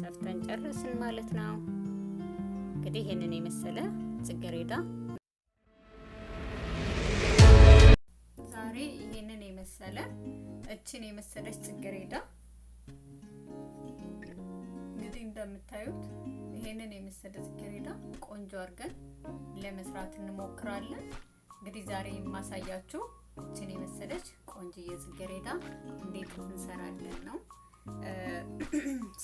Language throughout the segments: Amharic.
ሰፍተን ጨርስን ማለት ነው። እንግዲህ ይህንን የመሰለ ጽጌረዳ ዛሬ ይህንን የመሰለ እችን የመሰለች ጽጌረዳ እንግዲህ እንደምታዩት ይህንን የመሰለ ጽጌረዳ ቆንጆ አድርገን ለመስራት እንሞክራለን። እንግዲህ ዛሬ የማሳያችሁ እችን የመሰለች ቆንጆ የጽጌረዳ እንዴት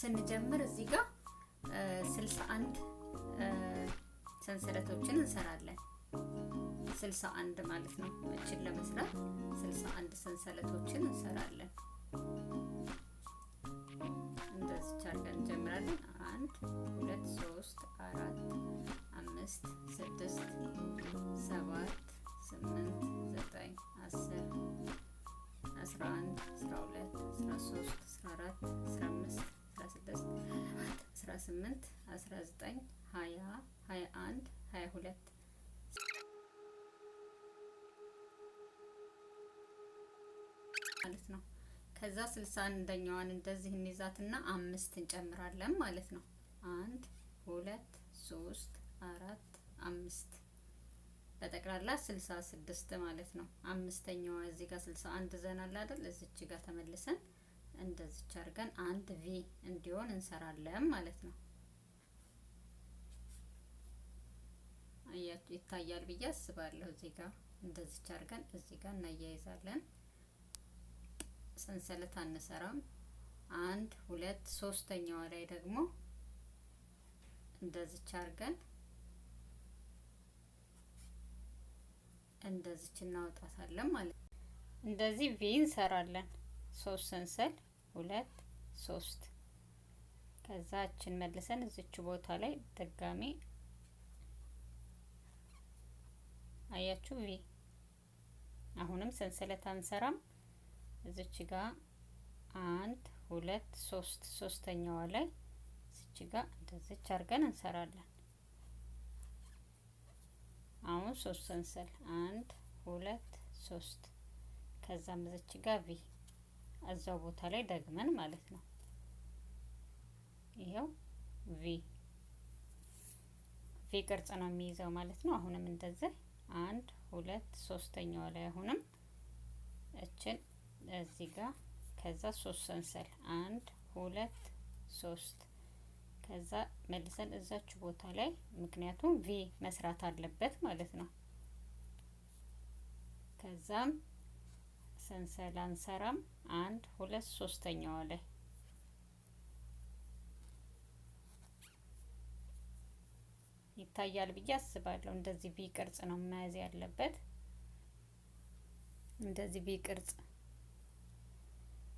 ስንጀምር እዚህ ጋር 61 ሰንሰለቶችን እንሰራለን። 61 ማለት ነው። እችን ለመስራት 61 ሰንሰለቶችን እንሰራለን። እንደዚህ አድርገን እንጀምራለን። 1 2 3 4 5 6 7 8 9 ስምንት አስራ ዘጠኝ ሀያ ሀያ አንድ ሀያ ሁለት ማለት ነው። ከዛ ስልሳ አንደኛዋን እንደዚህ እንይዛትና አምስት እንጨምራለን ማለት ነው። አንድ ሁለት ሶስት አራት አምስት በጠቅላላ ስልሳ ስድስት ማለት ነው። አምስተኛዋ እዚህ ጋር ስልሳ አንድ ዘናል አይደል? እዚች ጋር ተመልሰን እንደዚች አድርገን አንድ ቪ እንዲሆን እንሰራለን ማለት ነው። አያችሁ ይታያል ብዬ አስባለሁ። እዚህ ጋር እንደዚች አድርገን እዚህ ጋር እናያይዛለን። ሰንሰለት አንሰራም። አንድ ሁለት ሶስተኛዋ ላይ ደግሞ እንደዚች አድርገን እንደዚች እናወጣታለን ማለት ነው። እንደዚህ ቪ እንሰራለን። ሶስት ሰንሰል ሁለት ሶስት ከዛችን መልሰን እዚች ቦታ ላይ ድጋሜ አያችሁ ቪ አሁንም ሰንሰለት አንሰራም። እዚች ጋ አንድ ሁለት ሶስት ሶስተኛዋ ላይ እዚች ጋ እንደዚች አድርገን እንሰራለን። አሁን ሶስት ሰንሰል አንድ ሁለት ሶስት ከዛም እዚች ጋ ቪ እዛው ቦታ ላይ ደግመን ማለት ነው። ይኸው ቪ ቪ ቅርጽ ነው የሚይዘው ማለት ነው። አሁንም እንደዚህ አንድ ሁለት ሶስተኛዋ ላይ አሁንም እችን እዚህ ጋር ከዛ ሶስት ሰንሰል አንድ ሁለት ሶስት ከዛ መልሰን እዛች ቦታ ላይ ምክንያቱም ቪ መስራት አለበት ማለት ነው። ከዛም ሰንሰል አንሰራም አንድ ሁለት ሶስተኛዋ ላይ ይታያል ብዬ አስባለሁ። እንደዚህ ቪ ቅርጽ ነው መያዝ ያለበት። እንደዚህ ቪ ቅርጽ።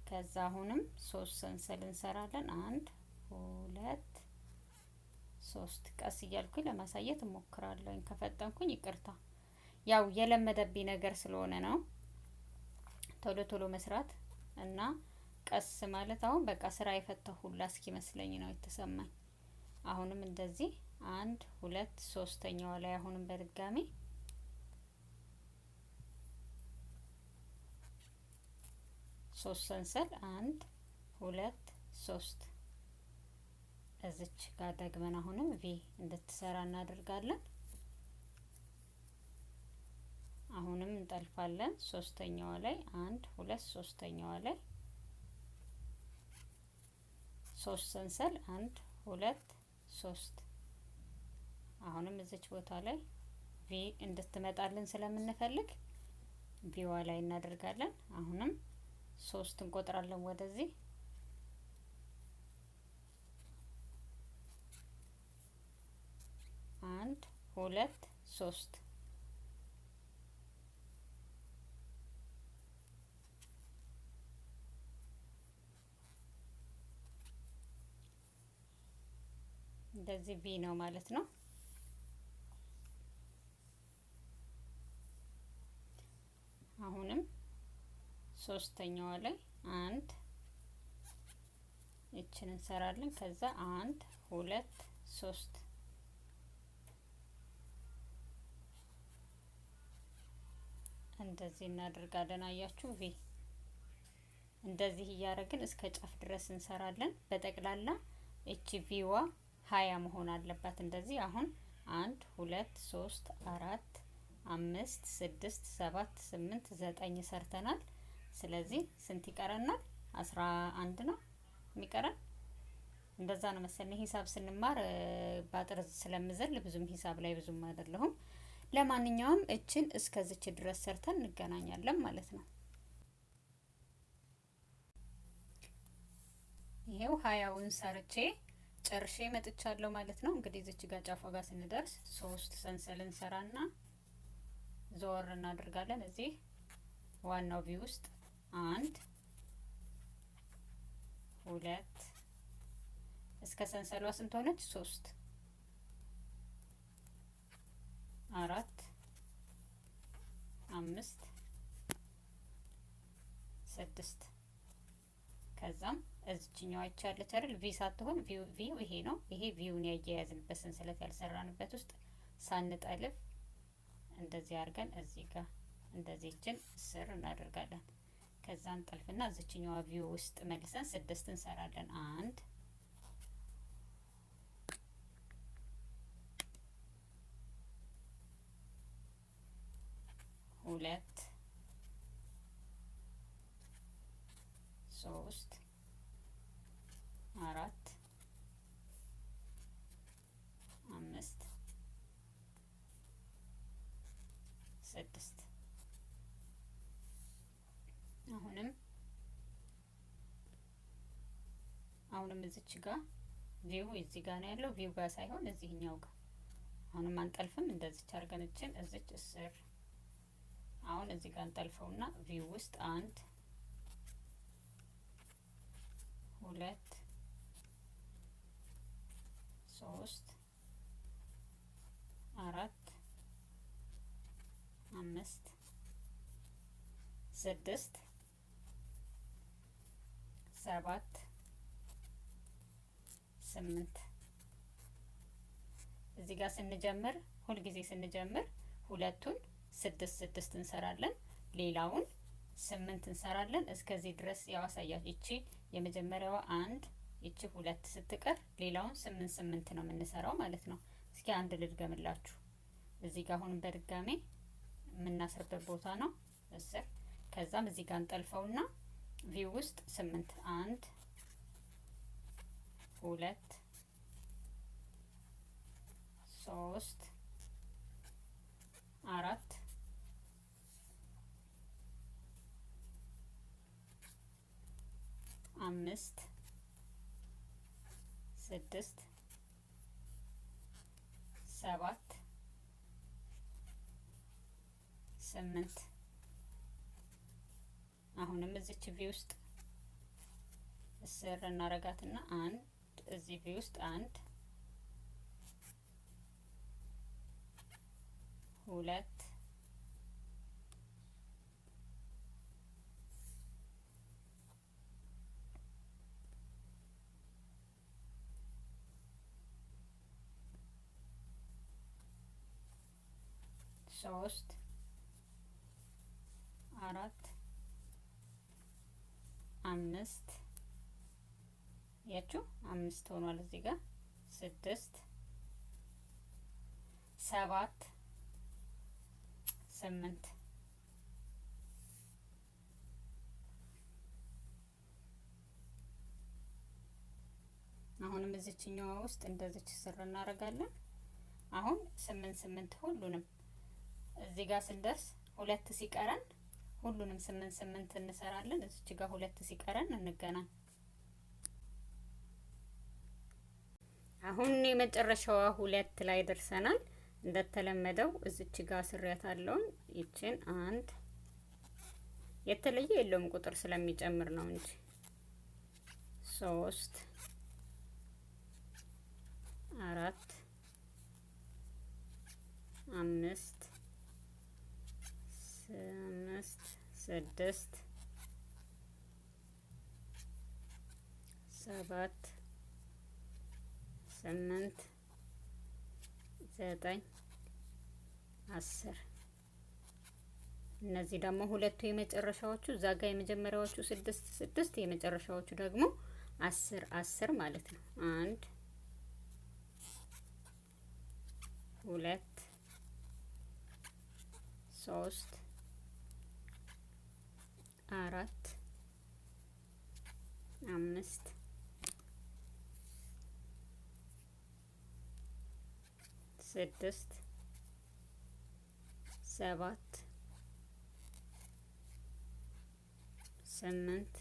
ከዛ አሁንም ሶስት ሰንሰል እንሰራለን። አንድ ሁለት ሶስት። ቀስ እያልኩኝ ለማሳየት እሞክራለሁኝ። ከፈጠንኩኝ ይቅርታ። ያው የለመደብኝ ነገር ስለሆነ ነው ቶሎ ቶሎ መስራት እና ቀስ ማለት አሁን በቃ ስራ የፈታሁ ሁላ እስኪመስለኝ ነው የተሰማኝ። አሁንም እንደዚህ አንድ ሁለት ሶስተኛዋ ላይ አሁንም በድጋሚ ሶስት ሰንሰል አንድ ሁለት ሶስት እዚች ጋር ደግመን አሁንም ቪ እንድትሰራ እናደርጋለን። አሁንም እንጠልፋለን። ሶስተኛዋ ላይ አንድ ሁለት ሶስተኛዋ ላይ ሶስት ሰንሰል አንድ ሁለት ሶስት አሁንም እዚች ቦታ ላይ ቪ እንድትመጣልን ስለምንፈልግ ቪዋ ላይ እናደርጋለን። አሁንም ሶስት እንቆጥራለን ወደዚህ አንድ ሁለት ሶስት እንደዚህ ቪ ነው ማለት ነው። ሶስተኛዋ ላይ አንድ ይችን እንሰራለን። ከዛ አንድ ሁለት ሶስት እንደዚህ እናደርጋለን። አያችሁ ቪ እንደዚህ እያደረግን እስከ ጫፍ ድረስ እንሰራለን። በጠቅላላ ኤች ቪዋ ሀያ መሆን አለባት። እንደዚህ አሁን አንድ ሁለት ሶስት አራት አምስት ስድስት ሰባት ስምንት ዘጠኝ ሰርተናል። ስለዚህ ስንት ይቀረናል? አስራ አንድ ነው የሚቀረን። እንደዛ ነው መሰለኝ ሂሳብ ስንማር በአጥር ስለምዘል ብዙም ሂሳብ ላይ ብዙም አይደለሁም። ለማንኛውም እችን እስከዚች ድረስ ሰርተን እንገናኛለን ማለት ነው። ይሄው ሀያውን ሰርቼ ጨርሼ መጥቻለሁ ማለት ነው። እንግዲህ እዚች ጋር ጫፏ ጋር ስንደርስ ሶስት ሰንሰል እንሰራና ዞር እናደርጋለን እዚህ ዋናው ቪው ውስጥ አንድ ሁለት እስከ ሰንሰሏ ስንት ሆነች? ሶስት አራት አምስት ስድስት ከዛም እዚችኛዋ ይቻለች አይደል? ቪ ሳትሆን ቪው ይሄ ነው። ይሄ ቪውን ያያያዝንበት ሰንሰለት ያልሰራንበት ውስጥ ሳንጠልፍ እንደዚህ አድርገን እዚህ ጋር እንደዚህችን ስር እናደርጋለን። ከዛ እንጠልፍና እዚችኛዋ ቪው ውስጥ መልሰን ስድስት እንሰራለን። አንድ ሁለት ሶስት አሁንም እዚች ጋ ቪው እዚህ ጋ ነው ያለው። ቪው ጋር ሳይሆን እዚህኛው ጋር አሁንም አንጠልፍም። እንደዚች አድርገን እችን እዚች እስር አሁን እዚህ ጋር እንጠልፈውና ቪው ውስጥ አንድ ሁለት ሶስት አራት አምስት ስድስት ሰባት ስምንት እዚህ ጋር ስንጀምር ሁልጊዜ ስንጀምር ሁለቱን ስድስት ስድስት እንሰራለን፣ ሌላውን ስምንት እንሰራለን። እስከዚህ ድረስ ያዋሳያል። ይቺ የመጀመሪያዋ አንድ፣ ይቺ ሁለት ስትቀር ሌላውን ስምንት ስምንት ነው የምንሰራው ማለት ነው። እስኪ አንድ ልድገምላችሁ። እዚህ ጋር አሁንም በድጋሜ የምናስርበት ቦታ ነው እስር። ከዛም እዚህ ጋር እንጠልፈውና ቪው ውስጥ ስምንት አንድ ሁለት ሶስት አራት አምስት ስድስት ሰባት ስምንት አሁንም እዚች ቪ ውስጥ እስር እናረጋትና አንድ እዚህ ቪ ውስጥ አንድ ሁለት ሶስት አራት አምስት ያችሁ አምስት ሆኗል። እዚህ ጋር ስድስት፣ ሰባት፣ ስምንት፣ አሁንም እዚችኛዋ ውስጥ እንደዚች ስር እናደርጋለን። አሁን ስምንት ስምንት ሁሉንም እዚህ ጋር ስንደርስ ሁለት ሲቀረን ሁሉንም ስምንት ስምንት እንሰራለን። እዚች ጋር ሁለት ሲቀረን እንገናኝ። አሁን የመጨረሻዋ ሁለት ላይ ደርሰናል። እንደተለመደው እዚች ጋር ስሬት አለውን ይችን አንድ የተለየ የለውም ቁጥር ስለሚጨምር ነው እንጂ ሶስት አራት አምስት ስምስት ስድስት ሰባት ስምንት ዘጠኝ አስር እነዚህ ደግሞ ሁለቱ የመጨረሻዎቹ እዛ ጋ የመጀመሪያዎቹ ስድስት ስድስት የመጨረሻዎቹ ደግሞ አስር አስር ማለት ነው። አንድ ሁለት ሶስት አራት አምስት ስድስት ሰባት ስምንት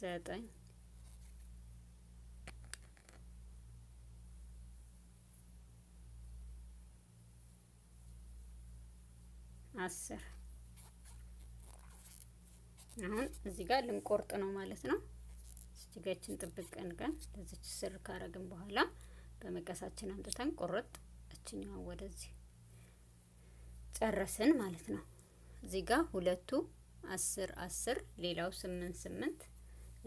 ዘጠኝ አስር አሁን እዚህ ጋር ልንቆርጥ ነው ማለት ነው። እጅጋችን ጥብቅ ቀን ቀን ለዚች ስር ካረግን በኋላ በመቀሳችን አምጥተን ቁርጥ እችኛዋን ወደዚህ ጨረስን ማለት ነው። እዚህ ጋር ሁለቱ አስር አስር ሌላው ስምንት ስምንት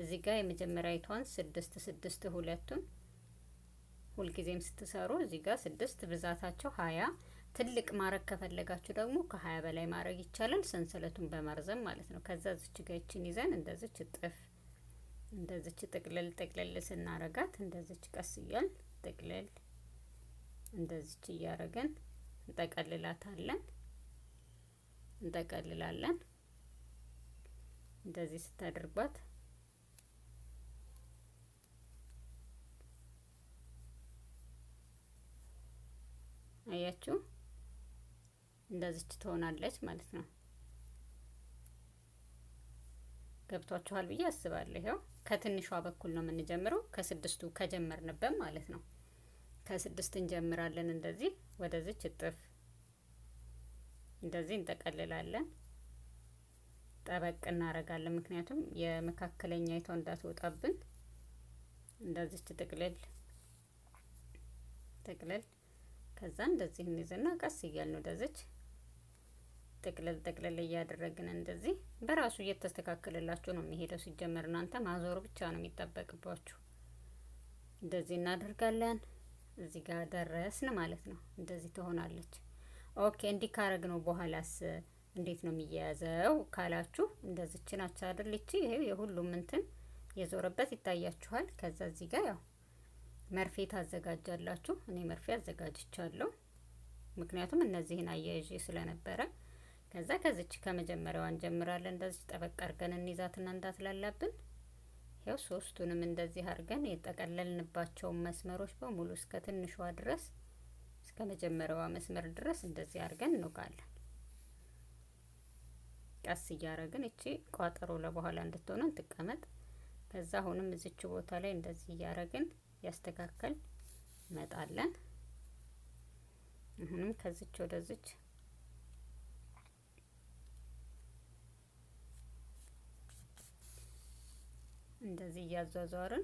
እዚህ ጋር የመጀመሪያዊቷን ስድስት ስድስት ሁለቱን ሁልጊዜም ስትሰሩ እዚህ ጋር ስድስት ብዛታቸው ሀያ ትልቅ ማድረግ ከፈለጋችሁ ደግሞ ከሀያ በላይ ማድረግ ይቻላል። ሰንሰለቱን በማርዘም ማለት ነው። ከዛ ዝች ጋ ይዘን እንደዚች ጥፍ እንደዚች ጥቅልል ጥቅልል ስናረጋት እንደዚች ቀስ እያል ጥቅልል እንደዚች እያደረግን እንጠቀልላታለን እንጠቀልላለን። እንደዚህ ስታደርጓት አያችሁ እንደዚች ትሆናለች ማለት ነው። ገብቷችኋል ብዬ አስባለሁ። ይኸው ከትንሿ በኩል ነው የምንጀምረው፣ ከስድስቱ ከጀመርንበት ማለት ነው። ከስድስት እንጀምራለን። እንደዚህ ወደዚች እጥፍ እንደዚህ እንጠቀልላለን። ጠበቅ እናረጋለን፣ ምክንያቱም የመካከለኛ ይቷ እንዳትወጣብን። እንደዚች ጥቅልል ጥቅልል፣ ከዛ እንደዚህ እንይዝና ቀስ እያልን ወደዚች ጥቅልል ጥቅልል እያደረግን እንደዚህ በራሱ እየተስተካከለላችሁ ነው የሚሄደው። ሲጀመር እናንተ ማዞሩ ብቻ ነው የሚጠበቅባችሁ። እንደዚህ እናደርጋለን። እዚህ ጋር ደረስን ማለት ነው። እንደዚህ ትሆናለች። ኦኬ እንዲህ ካረግ ነው በኋላስ እንዴት ነው የሚያያዘው ካላችሁ እንደዚች ናች አይደል? ይቺ ይሄ የሁሉም እንትን የዞረበት ይታያችኋል። ከዛ እዚህ ጋር ያው መርፌ ታዘጋጃላችሁ። እኔ መርፌ አዘጋጅቻለሁ ምክንያቱም እነዚህን አያይዤ ስለነበረ ከዛ ከዚች ከመጀመሪያዋ እንጀምራለን። እንደዚህ ጠበቅ አርገን እንይዛትና እንዳትላላብን ያው ሶስቱንም እንደዚህ አድርገን የጠቀለልንባቸውን መስመሮች በሙሉ እስከ ትንሿ ድረስ እስከ መጀመሪያዋ መስመር ድረስ እንደዚህ አድርገን እንውቃለን። ቀስ እያደረግን እቺ ቋጠሮ ለበኋላ እንድትሆነ ትቀመጥ። ከዛ አሁንም እዚች ቦታ ላይ እንደዚህ እያደረግን ያስተካከል መጣለን። አሁንም ከዚች ወደዚች እንደዚህ እያዟዟርን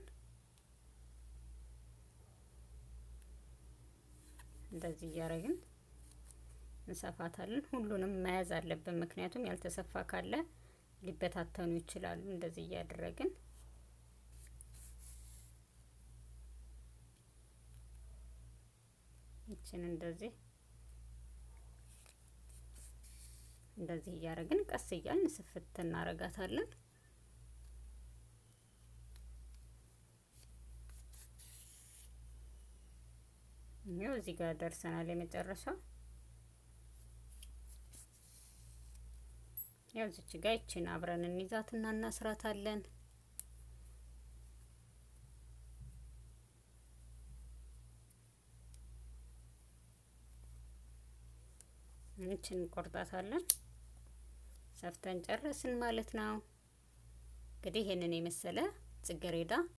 እንደዚህ እያረግን እንሰፋታለን። ሁሉንም መያዝ አለብን፣ ምክንያቱም ያልተሰፋ ካለ ሊበታተኑ ይችላሉ። እንደዚህ እያደረግን ይችን እንደዚህ እንደዚህ እያደረግን ቀስ እያልን ስፍት እናረጋታለን። ይኸው እዚህ ጋር ደርሰናል። የመጨረሻው ያው እዚች ጋር ይቺን አብረን እንይዛትና እናስራታለን። ይቺን እንቆርጣታለን። ሰፍተን ጨረስን ማለት ነው። እንግዲህ ይሄንን የመሰለ ጽጌረዳ